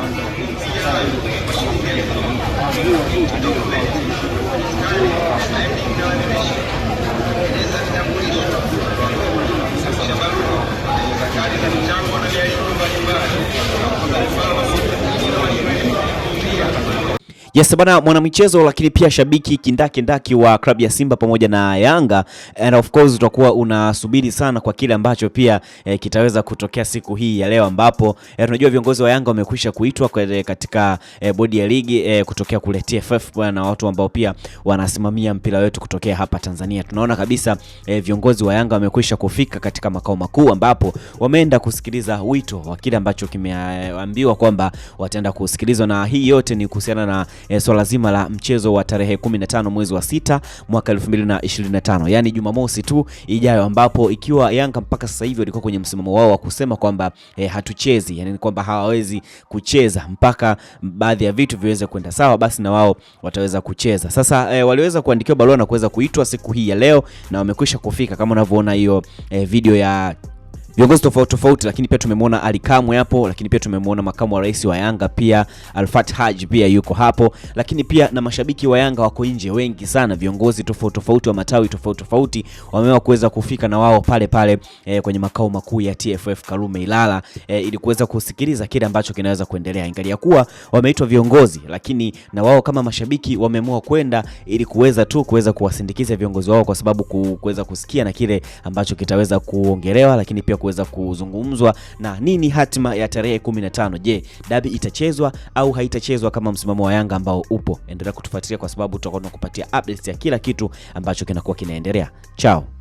Thank you. Yes bana, mwanamichezo lakini pia shabiki kindakindaki wa klabu ya Simba pamoja na Yanga, and of course utakuwa unasubiri sana kwa kile ambacho pia eh, kitaweza kutokea siku hii ya leo, ambapo eh, tunajua viongozi wa Yanga wamekwisha kuitwa katika eh, bodi ya ligi eh, kutokea kule TFF na watu ambao pia wanasimamia mpira wetu kutokea hapa Tanzania. Tunaona kabisa eh, viongozi wa Yanga wamekwisha kufika katika makao makuu, ambapo wameenda kusikiliza wito wa kile ambacho kimeambiwa kwamba wataenda kusikilizwa, na hii yote ni kuhusiana na e, swala so zima la mchezo wa tarehe 15 mwezi wa sita mwaka 2025, yani Jumamosi tu ijayo, ambapo ikiwa Yanga mpaka sasa hivi walikuwa kwenye msimamo wao wa kusema kwamba e, hatuchezi, yani kwamba hawawezi kucheza mpaka baadhi ya vitu viweze kwenda sawa, basi na wao wataweza kucheza. Sasa e, waliweza kuandikiwa barua na kuweza kuitwa siku hii ya leo na wamekwisha kufika kama unavyoona hiyo e, video ya viongozi tofauti tofauti, lakini pia tumemwona Ali Kamwe hapo, lakini pia tumemwona makamu wa rais wa Yanga pia Alfat Haji pia yuko hapo, lakini pia na mashabiki wa Yanga wako nje wengi sana, viongozi tofauti tofauti wa matawi tofauti tofauti wamewa kuweza kufika na wao pale pale e, kwenye makao makuu ya TFF Karume Ilala e, ili kuweza kusikiliza kile ambacho kinaweza kuendelea, ingalia kuwa wameitwa viongozi, lakini na wao kama mashabiki wameamua kwenda ili kuweza tu kuweza kuwasindikiza viongozi wao, kwa sababu kuweza kusikia na kile ambacho kitaweza kuongelewa, lakini pia kuweza kuzungumzwa na nini hatima ya tarehe 15. Je, dabi itachezwa au haitachezwa kama msimamo wa Yanga ambao upo? Endelea kutufuatilia kwa sababu tutakuwa tunakupatia updates ya kila kitu ambacho kinakuwa kinaendelea. Chao.